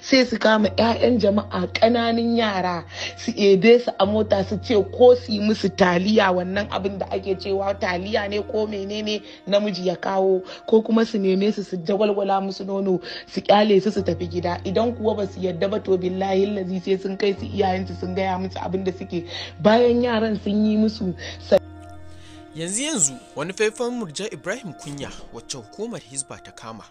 sai su kama 'ya'yan jama'a ƙananun yara su ebe su a mota su ce ko su yi musu taliya wannan abin da ake cewa taliya ne ko menene namiji ya kawo ko kuma su neme su su jagwalwala musu nono su kyale su su tafi gida idan kuwa ba su yadda ba to billahi lazi sai sun kai su iyayensu sun gaya musu abin da suke bayan yaran sun yi musu yanzu yanzu wani faifan murja ibrahim kunya wacce hukumar hisba ta kama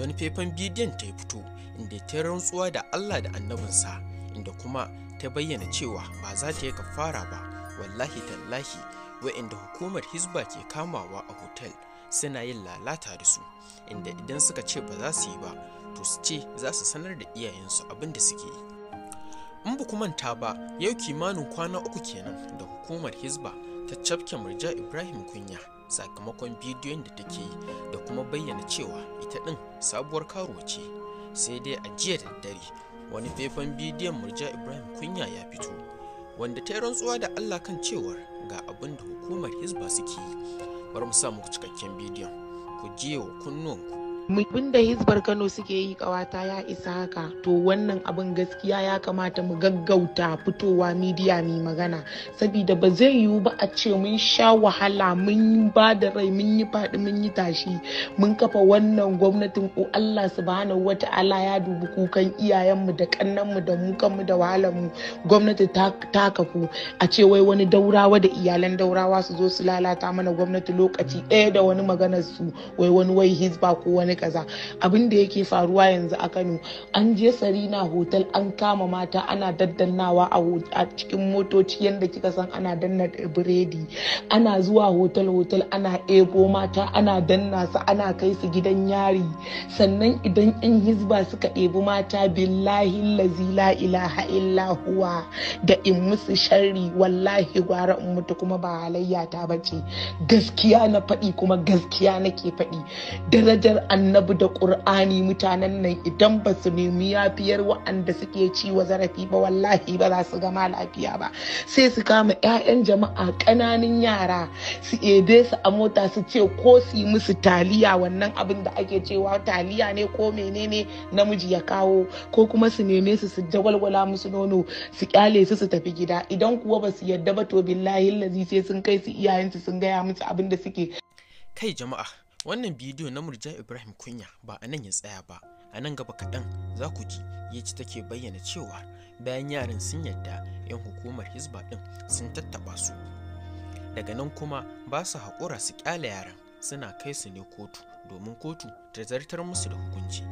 wani faifan bidiyon ta yi fito inda ta rantsuwa da Allah da annabinsa inda kuma ta bayyana cewa ba za ta yi kafara ba wallahi tallahi wa'inda hukumar hisba ke kamawa a hotel suna yin lalata da su inda idan suka ce ba za su yi ba to su ce za su sanar da iyayensu abin da suke yi in ba manta ba yau kimanin kwana uku kenan da hukumar hisba ta cafke murja ibrahim kunya sakamakon bidiyon da take yi da kuma bayyana cewa ita ɗin sabuwar karuwa ce sai dai a jiya da dare wani faifan bidiyon murja ibrahim kunya ya fito wanda ta yi rantsuwa da allah kan cewar ga abin da hukumar hisba suke yi bar mu sa cikakken bidiyon ku je wa kunnuwanku abin da hizbar kano suke yi kawata ya isa haka to wannan abin gaskiya ya kamata mu gaggauta fitowa midiya mai magana saboda ba zai yiwu ba a ce mun sha wahala mun ba da rai mun yi faɗi mun yi tashi mun kafa wannan gwamnatin ko allah subhanahu wata'ala ya dubi kukan iyayenmu da kannanmu da mu kanmu da wahalarmu gwamnati ta kafu a ce wai wani daurawa da iyalan daurawa su zo su lalata mana gwamnati lokaci ɗaya da wani maganar su wai wani wai hizba ko wani kaza abin da yake faruwa yanzu a kano an je sarina hotel an kama mata ana daddannawa a cikin motoci yadda kika san ana danna biredi ana zuwa hotel hotel ana ebo mata ana danna su ana kai su gidan yari sannan idan yan hizba suka ɗebi mata billahi lazi la ilaha illa huwa da in musu sharri wallahi gwara in mutu kuma ba halayya ta bace gaskiya na faɗi kuma gaskiya nake faɗi darajar an annabi da ƙur'ani mutanen nan idan ba su nemi yafiyar wa'anda suke ciwa zarafi ba wallahi ba za su gama lafiya ba sai su kama 'ya'yan jama'a ƙananan yara su ebe su a mota su ce ko su yi musu taliya wannan abin da ake cewa taliya ne ko menene namiji ya kawo ko kuma su neme su su jagwalgwala musu nono su kyale su su tafi gida idan kuwa ba su yadda ba to billahi lazi sai sun kai su iyayensu sun gaya musu abin da suke kai jama'a Wannan bidiyo na Murja Ibrahim Kunya ba a nan ya tsaya ba, a nan gaba kaɗan za ku ji ya ci take bayyana cewa bayan yaran sun yadda 'yan hukumar hisba ɗin sun tattaɓa su. Daga nan kuma ba su haƙura su ƙyale yaran suna kai su ne kotu domin kotu ta zartar musu da hukunci.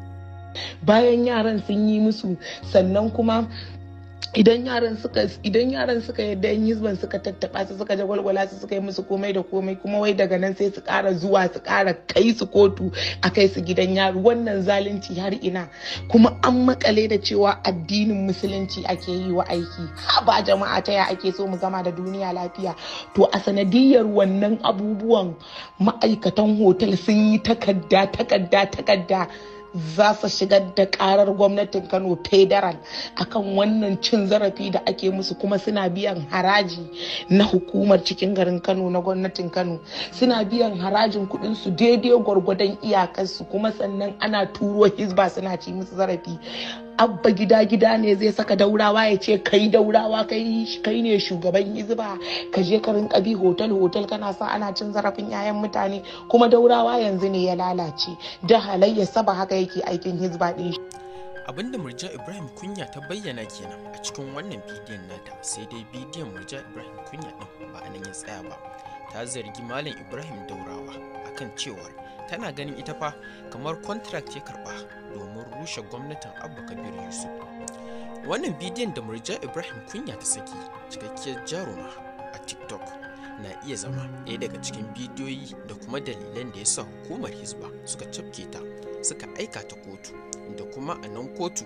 Bayan yaran sun yi musu sannan kuma idan yaran suka idan yaran suka yadda yizban suka tattaba su suka jagwalgwala su suka yi musu komai da komai kuma wai daga nan sai su kara zuwa su ƙara kai su kotu a kai su gidan yaro wannan zalunci har ina kuma an makale da cewa addinin musulunci ake yi wa aiki ba jama'a ta ya ake so mu gama da duniya lafiya to a sanadiyar wannan abubuwan ma'aikatan hotel sun yi takadda takadda takadda. za su shigar da karar gwamnatin kano federal akan wannan cin zarafi da ake musu kuma suna biyan haraji na hukumar cikin garin kano na gwamnatin kano suna biyan harajin kudin su daidai gwargwadon iyakarsu kuma sannan ana turo hisba suna ci musu zarafi abba gida gida ne zai saka daurawa ya ce kai daurawa kai ne shugaban hizba ka je ka rinka bi hotel hotel kana sa ana cin zarafin 'ya'yan mutane kuma daurawa yanzu ne ya lalace da halayya saba haka yake aikin hizba din shi da murja ibrahim kunya ta bayyana kenan a cikin wannan bidiyon nata sai dai bidiyon murja ibrahim kunya din ba anan ya tsaya ba ta zargi malam ibrahim daurawa akan cewar tana ganin ita fa kamar contract ya karba domin rushe gwamnatin abba kabir yusuf wannan bidiyon da murja ibrahim kunya ta saki cikakkiyar jaruma a tiktok na iya zama ɗaya daga cikin bidiyoyi da kuma dalilan da ya sa hukumar hisba suka cafke ta suka aika ta kotu da kuma a nan kotu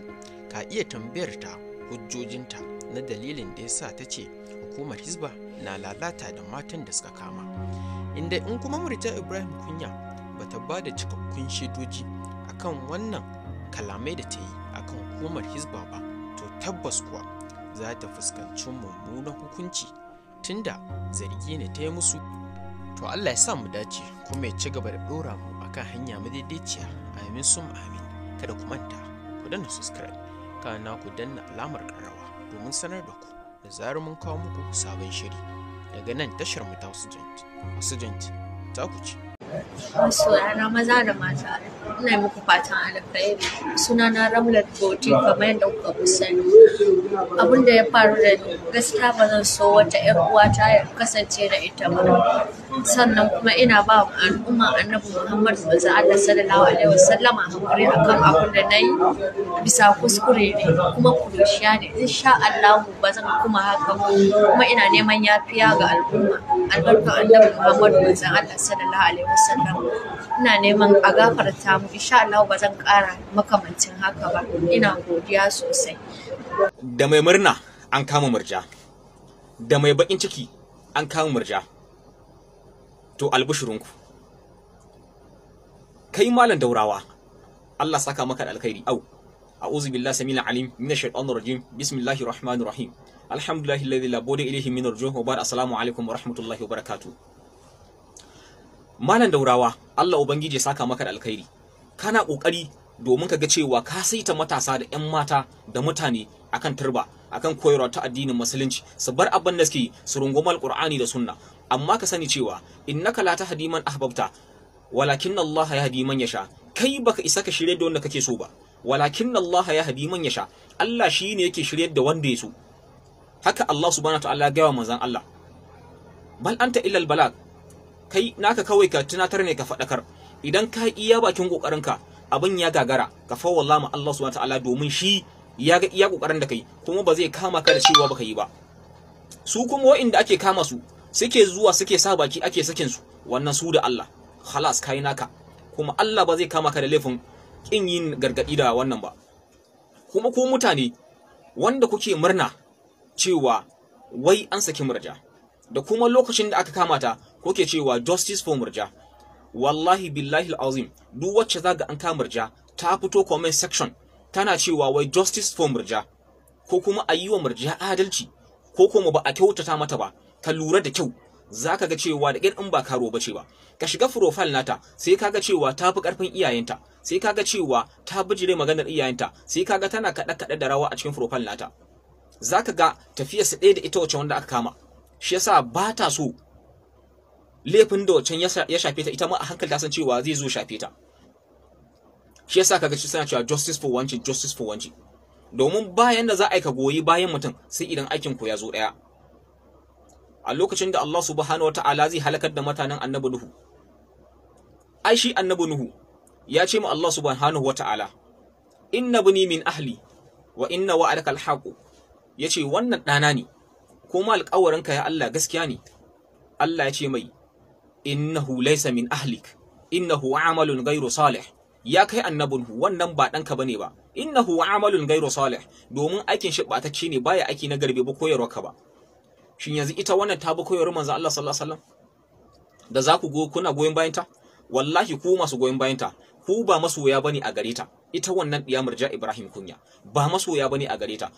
ka iya tambayar ta hujjojinta na dalilin da ya sa ta ce hukumar hisba na lalata da matan da suka kama inda in kuma murja ibrahim kunya bata ba da cikakkun shaidoji akan wannan kalamai da ta yi akan hukumar hisba ba to tabbas kuwa za ta fuskanci mummunan hukunci tunda zargi ne ta yi musu to allah ya sa mu dace kuma ya ci gaba da ɗora mu akan hanya madaidaiciya amin sun amin kada ku manta ku danna subscribe kana ku danna alamar karawa domin sanar da ku da zarar mun kawo muku sabon shiri яг энэ энэ ташрамтай осож байна. Осож байна. За хүч. masoyana maza da mata ina muku fatan alkhairi na ramlat bauti kamar yadda kuka fi sani abin da ya faru da ni gaskiya ba zan so wata yar uwata ya kasance da ita ba sannan kuma ina ba al'umma annabi muhammad manzo allah sallallahu alaihi wasallama hakuri akan abin da na yi bisa kuskure ne kuma kurushiya ne insha allah ba zan kuma haka ba kuma ina neman yafiya ga al'umma albarkar annabi muhammad manzo allah sallallahu alaihi Wasallama. sannan ina neman a gafarta mu insha Allah ba zan ƙara makamancin haka ba ina godiya sosai da mai murna an kama murja da mai bakin ciki an kama murja to albushurunku kai malam daurawa Allah saka maka da alkhairi au أعوذ بالله سميع العليم من الشيطان الرجيم بسم الله الرحمن الرحيم الحمد لله الذي لا بد إليه من الرجوع وبعد السلام عليكم ورحمة الله وبركاته malam daurawa Allah ubangiji ya saka maka da alkhairi kana kokari domin ka ga cewa ka saita matasa da 'yan mata da mutane akan turba akan koyarwa ta addinin musulunci su bar abin da suke su rungumar qur'ani da sunna amma ka sani cewa innaka la tahdi man ahbabta walakin Allah yahdi man yasha kai baka isa ka shirye da wanda kake so ba walakin Allah yahdi man yasha Allah shine yake shirye da wanda ya so haka Allah subhanahu wa ta'ala ya gaya manzon Allah bal anta illa al-balag kai naka kawai ka tunatar ne ka faɗakar idan ka iya bakin kokarin ka abin ya gagara ka fawwala ma Allah subhanahu wataala domin shi ya ga iya kokarin da kai kuma ba zai kama ka da cewa baka yi ba su kuma waɗanda ake kama su suke zuwa suke sa baki ake sakin su wannan su da Allah khalas kai naka kuma Allah ba zai kama ka da laifin kin yin gargadi da wannan ba kuma ku mutane wanda kuke murna cewa wai an saki murja da kuma lokacin da aka kamata. ko ke cewa justice for murja wallahi billahi azim duk wacce zaga an ka murja ta fito comment section tana cewa wai justice for murja ko kuma a yi wa murja adalci ko kuma ba a kyautata mata ba ka lura da kyau za ka ga cewa da ƙin in ba karo ba ce ba ka shiga profile nata sai ka ga cewa ta fi ƙarfin iyayenta sai ka ga cewa ta bijire maganar iyayenta sai ka ga tana kaɗe kaɗe da rawa a cikin profile nata za ka ga tafiyarsa ɗaya da ita wacce wanda aka kama shi yasa ba ta so laifin da wancan ya shafe ta ita ma a hankali ta san cewa zai zo shafe ta shi yasa kaga shi suna cewa justice for wanci justice for wanci domin bayan da za a yi ka goyi bayan mutum sai idan aikin ku ya zo daya a lokacin da Allah subhanahu wata'ala zai halakar da mutanen annabi Nuhu ai shi annabi Nuhu ya ce ma Allah subhanahu wata'ala inna bani min ahli wa inna wa wa'adaka alhaqu yace wannan dana ne kuma ka ya Allah gaskiya ne Allah ya ce mai innahu laysa min ahlik innahu amalun ghairu salih ya kai Annabun hu wannan ba danka bane ba innahu amalun ghairu salih domin aikin shi batacce ne baya aiki na garbe ba koyarwa ka ba shin yanzu ita wannan ta bi koyarwar manzo Allah sallallahu alaihi wasallam da za ku go kuna goyen bayan ta wallahi ku masu goyon bayan ta ku ba masoya bane a gare ta ita wannan diya murja Ibrahim kunya ba masoya bane a gare ta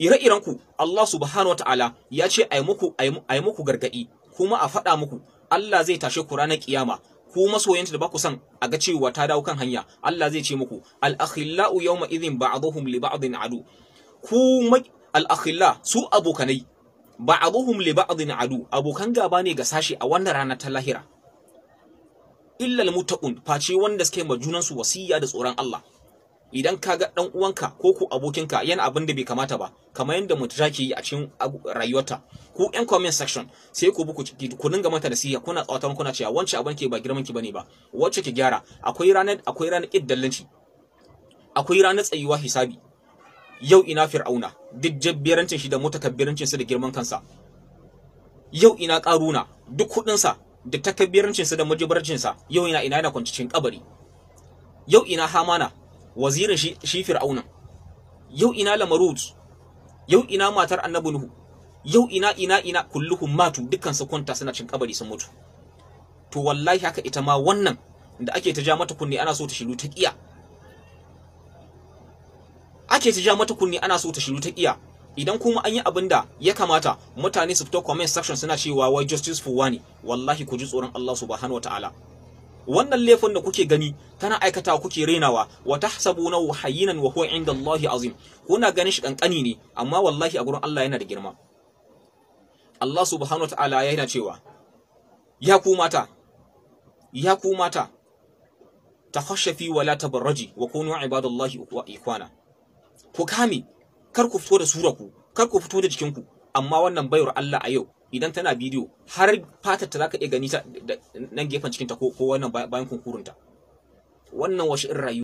ire-irenku Allah subhanahu wataala ya ce ai muku ai muku gargadi kuma a faɗa muku Allah zai tashe ku ranar kiyama ku masoyanta da ba ku san a ga cewa ta dawo kan hanya Allah zai ce muku al-akhillau yawma idhin ba'dhum li ba'dhin adu ku al-akhilla su abokanai ba'dhum li ba'dhin adu abokan gaba ne ga sashi a wannan ranar ta lahira illa al face wanda suke ma junan su wasiya da tsoron Allah idan ka ga dan uwanka ko ku abokinka yana abin da bai kamata ba kamar yadda mutum ke yi a cikin rayuwarta ku yan comment section sai ku bi ku dinga mata nasiha kuna tsawatan kuna cewa wancan abin ke ba girman ki bane ba wacce ki gyara akwai ranar akwai ranar kiddallanci akwai ranar tsayuwa hisabi yau ina fir'auna duk jabbirancin shi da mutakabbirancin su da girman kansa yau ina karuna duk kudin sa da takabbirancin sa da mujibarcin sa yau ina ina yana kwanci cikin kabari yau ina hamana wazirin shi fir'auna yau ina lamarut yau ina matar annabi nuhu yau ina ina ina kulluhum matu dukkan su kwanta suna cin kabari sun mutu to wallahi haka ita ma wannan da ake ta ja mata kunne ana so ta shiru ta kiya ake ta ja mata kunni ana so ta shiru ta kiya idan kuma an yi abin da ya kamata mutane su fito comment section suna cewa wai justice for wani wallahi ku ji tsoron Allah subhanahu wataala wannan laifin da kuke gani tana aikata kuke rainawa, wa tahsabunahu hayyinan wa huwa inda Allahi azim kuna ganin shi kankani ne amma wallahi a gurin Allah yana da girma Allah subhanahu wataala yana cewa ya ku mata ya ku mata takhashafi wa la tabarraji wa kunu ibadallahi wa ikwana ku kame kar ku fito da surarku kar ku fito da jikinku amma wannan bayar Allah a yau idan tana bidiyo har fatar ta ka iya gani ta nan gefen cikinta ko wannan bayan kunkurunta wannan washe in rayuwa